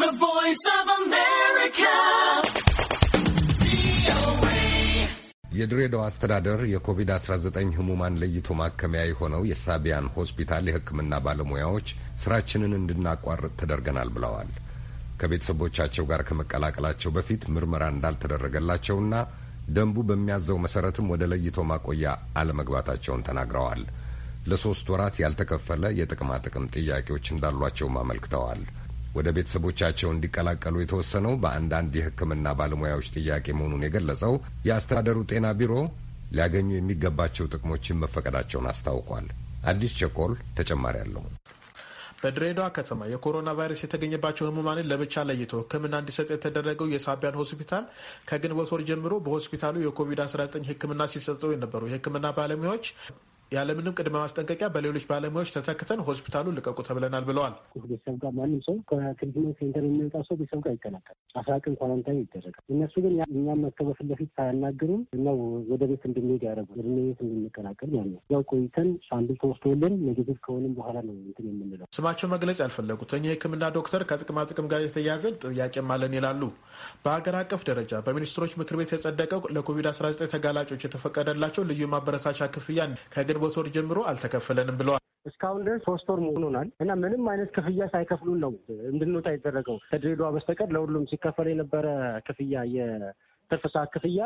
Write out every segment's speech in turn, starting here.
The Voice of America. የድሬዳዋ አስተዳደር የኮቪድ-19 ህሙማን ለይቶ ማከሚያ የሆነው የሳቢያን ሆስፒታል የሕክምና ባለሙያዎች ስራችንን እንድናቋርጥ ተደርገናል ብለዋል። ከቤተሰቦቻቸው ጋር ከመቀላቀላቸው በፊት ምርመራ እንዳልተደረገላቸውና ደንቡ በሚያዘው መሰረትም ወደ ለይቶ ማቆያ አለመግባታቸውን ተናግረዋል። ለሶስት ወራት ያልተከፈለ የጥቅማ ጥቅም ጥያቄዎች እንዳሏቸውም አመልክተዋል። ወደ ቤተሰቦቻቸው እንዲቀላቀሉ የተወሰነው በአንዳንድ የሕክምና ባለሙያዎች ጥያቄ መሆኑን የገለጸው የአስተዳደሩ ጤና ቢሮ ሊያገኙ የሚገባቸው ጥቅሞችን መፈቀዳቸውን አስታውቋል። አዲስ ቸኮል ተጨማሪ አለው። በድሬዳዋ ከተማ የኮሮና ቫይረስ የተገኘባቸው ህሙማንን ለብቻ ለይቶ ህክምና እንዲሰጥ የተደረገው የሳቢያን ሆስፒታል ከግንቦት ወር ጀምሮ በሆስፒታሉ የኮቪድ-19 ህክምና ሲሰጠው የነበሩ የህክምና ባለሙያዎች ያለምንም ቅድመ ማስጠንቀቂያ በሌሎች ባለሙያዎች ተተክተን ሆስፒታሉን ልቀቁ ተብለናል ብለዋል። ቤተሰብ ጋር ማንም ሰው ከትሪትመንት ሴንተር የሚወጣ ሰው ቤተሰብ ጋር ይቀላቀል፣ አስራ ቀን ይደረጋል። እነሱ ግን እኛም መጥተው በፊት ለፊት ሳያናግሩም ነው ወደ ቤት እንድንሄድ ያደረጉ ወደ ቤት እንድንቀላቀል ማለት ያው ቆይተን ሳምፕል ተወስዶልን ኔጌቲቭ ከሆንም በኋላ ነው እንትን የምንለው። ስማቸው መግለጽ ያልፈለጉት እኛ የህክምና ዶክተር ከጥቅማ ጥቅም ጋር የተያያዘ ጥያቄም አለን ይላሉ። በሀገር አቀፍ ደረጃ በሚኒስትሮች ምክር ቤት የጸደቀው ለኮቪድ-19 ተጋላጮች የተፈቀደላቸው ልዩ ማበረታቻ ክፍያ ከግንቦት ካለፈው ወር ጀምሮ አልተከፈለንም ብለዋል። እስካሁን ድረስ ሶስት ወር ሆኖናል እና ምንም አይነት ክፍያ ሳይከፍሉን ነው እንድንወጣ የተደረገው። ከድሬዳዋ በስተቀር ለሁሉም ሲከፈል የነበረ ክፍያ የትርፍ ሰዓት ክፍያ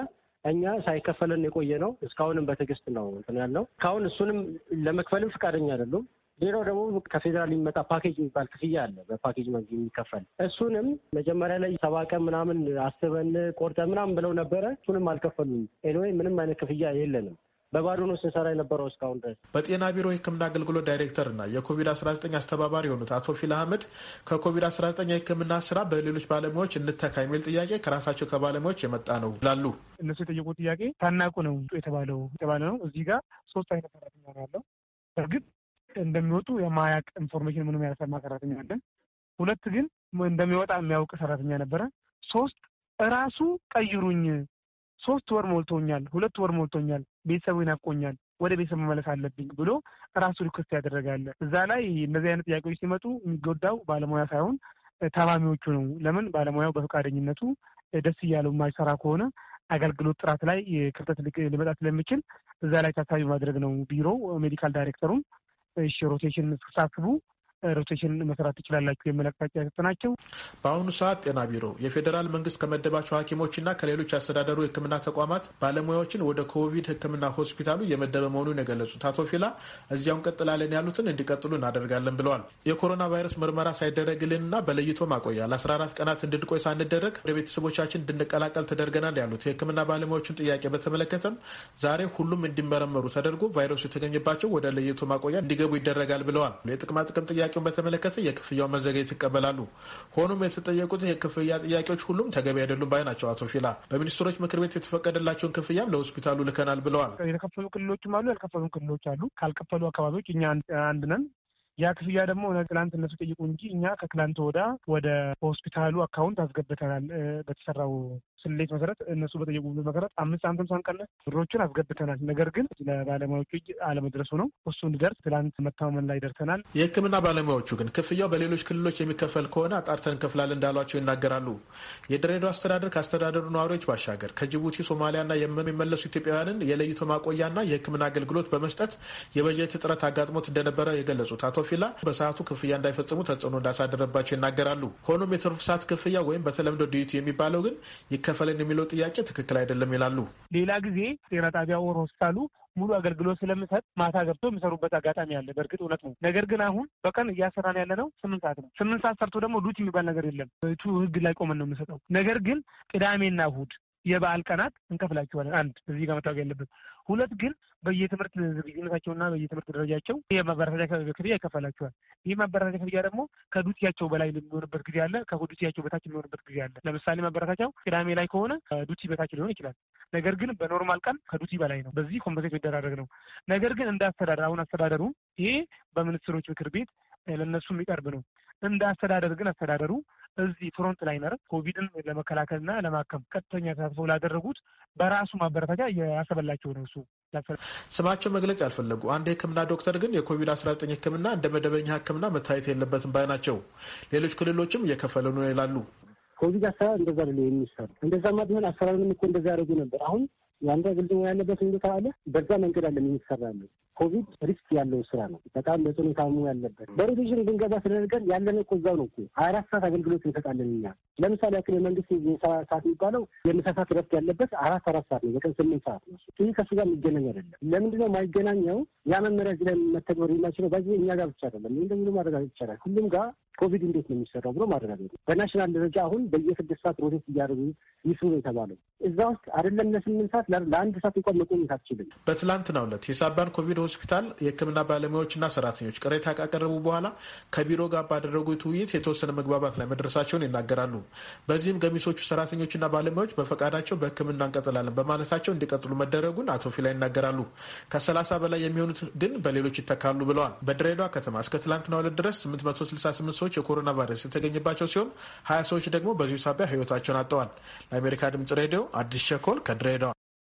እኛ ሳይከፈለን የቆየ ነው። እስካሁንም በትዕግስት ነው እንትን ያለው። እስካሁን እሱንም ለመክፈልም ፈቃደኛ አይደሉም። ሌላው ደግሞ ከፌዴራል የሚመጣ ፓኬጅ የሚባል ክፍያ አለ። በፓኬጅ መንገድ የሚከፈል እሱንም መጀመሪያ ላይ ሰባ ቀን ምናምን አስበን ቆርጠን ምናምን ብለው ነበረ። እሱንም አልከፈሉም። ኤኒዌይ ምንም አይነት ክፍያ የለንም። በባዶ ነው ስንሰራ የነበረው እስካሁን ድረስ። በጤና ቢሮ የሕክምና አገልግሎት ዳይሬክተር እና የኮቪድ-19 አስተባባሪ የሆኑት አቶ ፊል አህመድ ከኮቪድ-19 የሕክምና ስራ በሌሎች ባለሙያዎች እንተካ የሚል ጥያቄ ከራሳቸው ከባለሙያዎች የመጣ ነው ይላሉ። እነሱ የጠየቁ ጥያቄ ታናቁ ነው የተባለው የተባለ ነው። እዚህ ጋር ሶስት አይነት ሰራተኛ ነው ያለው። እርግጥ እንደሚወጡ የማያቅ ኢንፎርሜሽን ምንም ያልሰማ ሰራተኛ አለን። ሁለት ግን እንደሚወጣ የሚያውቅ ሰራተኛ ነበረ። ሶስት እራሱ ቀይሩኝ ሶስት ወር ሞልቶኛል፣ ሁለት ወር ሞልቶኛል፣ ቤተሰቡ ይናቆኛል፣ ወደ ቤተሰብ መመለስ አለብኝ ብሎ ራሱ ሪኩዌስት ያደረጋለ። እዛ ላይ እነዚህ አይነት ጥያቄዎች ሲመጡ የሚጎዳው ባለሙያ ሳይሆን ታማሚዎቹ ነው። ለምን ባለሙያው በፈቃደኝነቱ ደስ እያለው የማይሰራ ከሆነ አገልግሎት ጥራት ላይ ክፍተት ሊመጣ ስለሚችል እዛ ላይ ታሳቢ ማድረግ ነው። ቢሮ ሜዲካል ዳይሬክተሩም እሺ ሮቴሽን ሳስቡ ሮቴሽን መስራት ትችላላችሁ የሚል አቅጣጫ ናቸው። በአሁኑ ሰዓት ጤና ቢሮ የፌዴራል መንግስት ከመደባቸው ሐኪሞችና ከሌሎች ያስተዳደሩ የህክምና ተቋማት ባለሙያዎችን ወደ ኮቪድ ህክምና ሆስፒታሉ የመደበ መሆኑን የገለጹት አቶ ፊላ እዚያው እንቀጥላለን ያሉትን እንዲቀጥሉ እናደርጋለን ብለዋል። የኮሮና ቫይረስ ምርመራ ሳይደረግልንና በለይቶ ማቆያ ለ14 ቀናት እንድንቆይ ሳንደረግ ወደ ቤተሰቦቻችን እንድንቀላቀል ተደርገናል ያሉት የህክምና ባለሙያዎችን ጥያቄ በተመለከተም ዛሬ ሁሉም እንዲመረመሩ ተደርጎ ቫይረሱ የተገኘባቸው ወደ ለይቶ ማቆያ እንዲገቡ ይደረጋል ብለዋል። የጥቅማጥቅም ጥያቄ ጥያቄውን በተመለከተ የክፍያው መዘግየት ይቀበላሉ። ሆኖም የተጠየቁት የክፍያ ጥያቄዎች ሁሉም ተገቢ አይደሉም ባይ ናቸው። አቶ ፊላ በሚኒስትሮች ምክር ቤት የተፈቀደላቸውን ክፍያም ለሆስፒታሉ ልከናል ብለዋል። የተከፈሉ ክልሎችም አሉ፣ ያልከፈሉ ክልሎች አሉ። ካልከፈሉ አካባቢዎች እኛ አንድ ነን። ያ ክፍያ ደግሞ ትላንት እነሱ ጠይቁ እንጂ እኛ ከትላንት ወዳ ወደ ሆስፒታሉ አካውንት አስገብተናል። በተሰራው ስሌት መሰረት እነሱ በጠየቁ መሰረት አምስት ሳንቲም ሳንቀንስ ብሮቹን አስገብተናል። ነገር ግን ለባለሙያዎቹ እጅ አለመድረሱ ነው። እሱ እንዲደርስ ትላንት መታመን ላይ ደርሰናል። የሕክምና ባለሙያዎቹ ግን ክፍያው በሌሎች ክልሎች የሚከፈል ከሆነ አጣርተን እንከፍላለን እንዳሏቸው ይናገራሉ። የድሬዳዋ አስተዳደር ከአስተዳደሩ ነዋሪዎች ባሻገር ከጅቡቲ፣ ሶማሊያና የሚመለሱ ኢትዮጵያውያንን የለይቶ ማቆያና የሕክምና አገልግሎት በመስጠት የበጀት እጥረት አጋጥሞት እንደነበረ የገለጹት አቶ ፊላ በሰዓቱ ክፍያ እንዳይፈጽሙ ተጽዕኖ እንዳሳደረባቸው ይናገራሉ። ሆኖም የትርፍ ሰዓት ክፍያ ወይም በተለምዶ ዲዩቲ የሚባለው ግን ይከፈለን የሚለው ጥያቄ ትክክል አይደለም ይላሉ። ሌላ ጊዜ ጤና ጣቢያ ወር ሆስፒታሉ ሙሉ አገልግሎት ስለምሰጥ ማታ ገብቶ የሚሰሩበት አጋጣሚ አለ። በእርግጥ እውነት ነው። ነገር ግን አሁን በቀን እያሰራን ያለ ነው ስምንት ሰዓት ነው። ስምንት ሰዓት ሰርቶ ደግሞ ዱት የሚባል ነገር የለም። ቱ ህግ ላይ ቆመን ነው የምንሰጠው። ነገር ግን ቅዳሜና እሁድ የበዓል ቀናት እንከፍላቸዋለን። አንድ እዚህ ጋር መታወቅ ያለበት ሁለት ግን በየትምህርት ዝግጁነታቸውና በየትምህርት ደረጃቸው የማበረታቻ ክፍያ ይከፈላቸዋል። ይህ ማበረታቻ ክፍያ ደግሞ ከዱቲያቸው በላይ የሚሆንበት ጊዜ አለ፣ ከዱቲያቸው በታች የሚሆንበት ጊዜ አለ። ለምሳሌ ማበረታቻው ቅዳሜ ላይ ከሆነ ዱቲ በታች ሊሆን ይችላል። ነገር ግን በኖርማል ቀን ከዱቲ በላይ ነው። በዚህ ኮምፐንሴት መደራረግ ነው። ነገር ግን እንደ አስተዳደር አሁን አስተዳደሩ ይሄ በሚኒስትሮች ምክር ቤት ለእነሱ የሚቀርብ ነው። እንደ አስተዳደር ግን አስተዳደሩ እዚህ ፍሮንት ላይነር ኮቪድን ለመከላከልና ለማከም ቀጥተኛ ተሳትፎ ላደረጉት በራሱ ማበረታቻ ያሰበላቸው ነው። እሱ ስማቸው መግለጽ ያልፈለጉ አንድ የህክምና ዶክተር ግን የኮቪድ አስራ ህክምና እንደ መደበኛ ህክምና መታየት የለበትም ባይ ናቸው። ሌሎች ክልሎችም እየከፈለ ነው ይላሉ። ኮቪድ አሰራር እንደዛ ለ የሚሰሩ እንደዛማ ቢሆን አሰራርንም እኮ እንደዛ ያደረጉ ነበር። አሁን የአንዷ ግል ያለበት ሁኔታ አለ። በዛ መንገድ አለ የሚሰራለን ኮቪድ ሪስክ ያለው ስራ ነው። በጣም በጽኑ ታሙ ያለበት በሮቴሽን እንድንገባ ተደርገን ያለን እኮ እዛው ነው እኮ ሀያ አራት ሰዓት አገልግሎት እንሰጣለን እኛ። ለምሳሌ ያክል የመንግስት የሰባ ሰዓት የሚባለው የምሳ ረፍት ያለበት አራት አራት ሰዓት ነው፣ በቀን ስምንት ሰዓት ነው። ይህ ከሱ ጋር የሚገናኝ አይደለም። ለምንድነው ነው የማይገናኘው? ያ መመሪያ እዚህ ላይ መተግበር የማይችለው በዚህ እኛ ጋር ብቻ አይደለም። ይህ እንደሚሉ ማረጋገጥ ይቻላል። ሁሉም ጋር ኮቪድ እንዴት ነው የሚሰራው ብሎ ማረጋገጥ በናሽናል ደረጃ አሁን በየስድስት ሰዓት ሮቴት እያደረጉ ይስሩ ነው የተባለው እዛ ውስጥ አይደለም ለስምንት ሰዓት ለአንድ ሰዓት እንኳን መቆየት አትችልም። በትላንትናው ዕለት የሳባን ኮቪድ ሆስፒታል የሕክምና ባለሙያዎችና ሰራተኞች ቅሬታ ካቀረቡ በኋላ ከቢሮ ጋር ባደረጉት ውይይት የተወሰነ መግባባት ላይ መድረሳቸውን ይናገራሉ። በዚህም ገሚሶቹ ሰራተኞችና ባለሙያዎች በፈቃዳቸው በሕክምና እንቀጥላለን በማለታቸው እንዲቀጥሉ መደረጉን አቶ ፊላ ይናገራሉ። ከሰላሳ በላይ የሚሆኑት ግን በሌሎች ይተካሉ ብለዋል። በድሬዳዋ ከተማ እስከ ትላንትና ሁለት ድረስ 868 ሰዎች የኮሮና ቫይረስ የተገኘባቸው ሲሆን 20 ሰዎች ደግሞ በዚሁ ሳቢያ ህይወታቸውን አጥተዋል። ለአሜሪካ ድምጽ ሬዲዮ አዲስ ሸኮል ከድሬዳዋ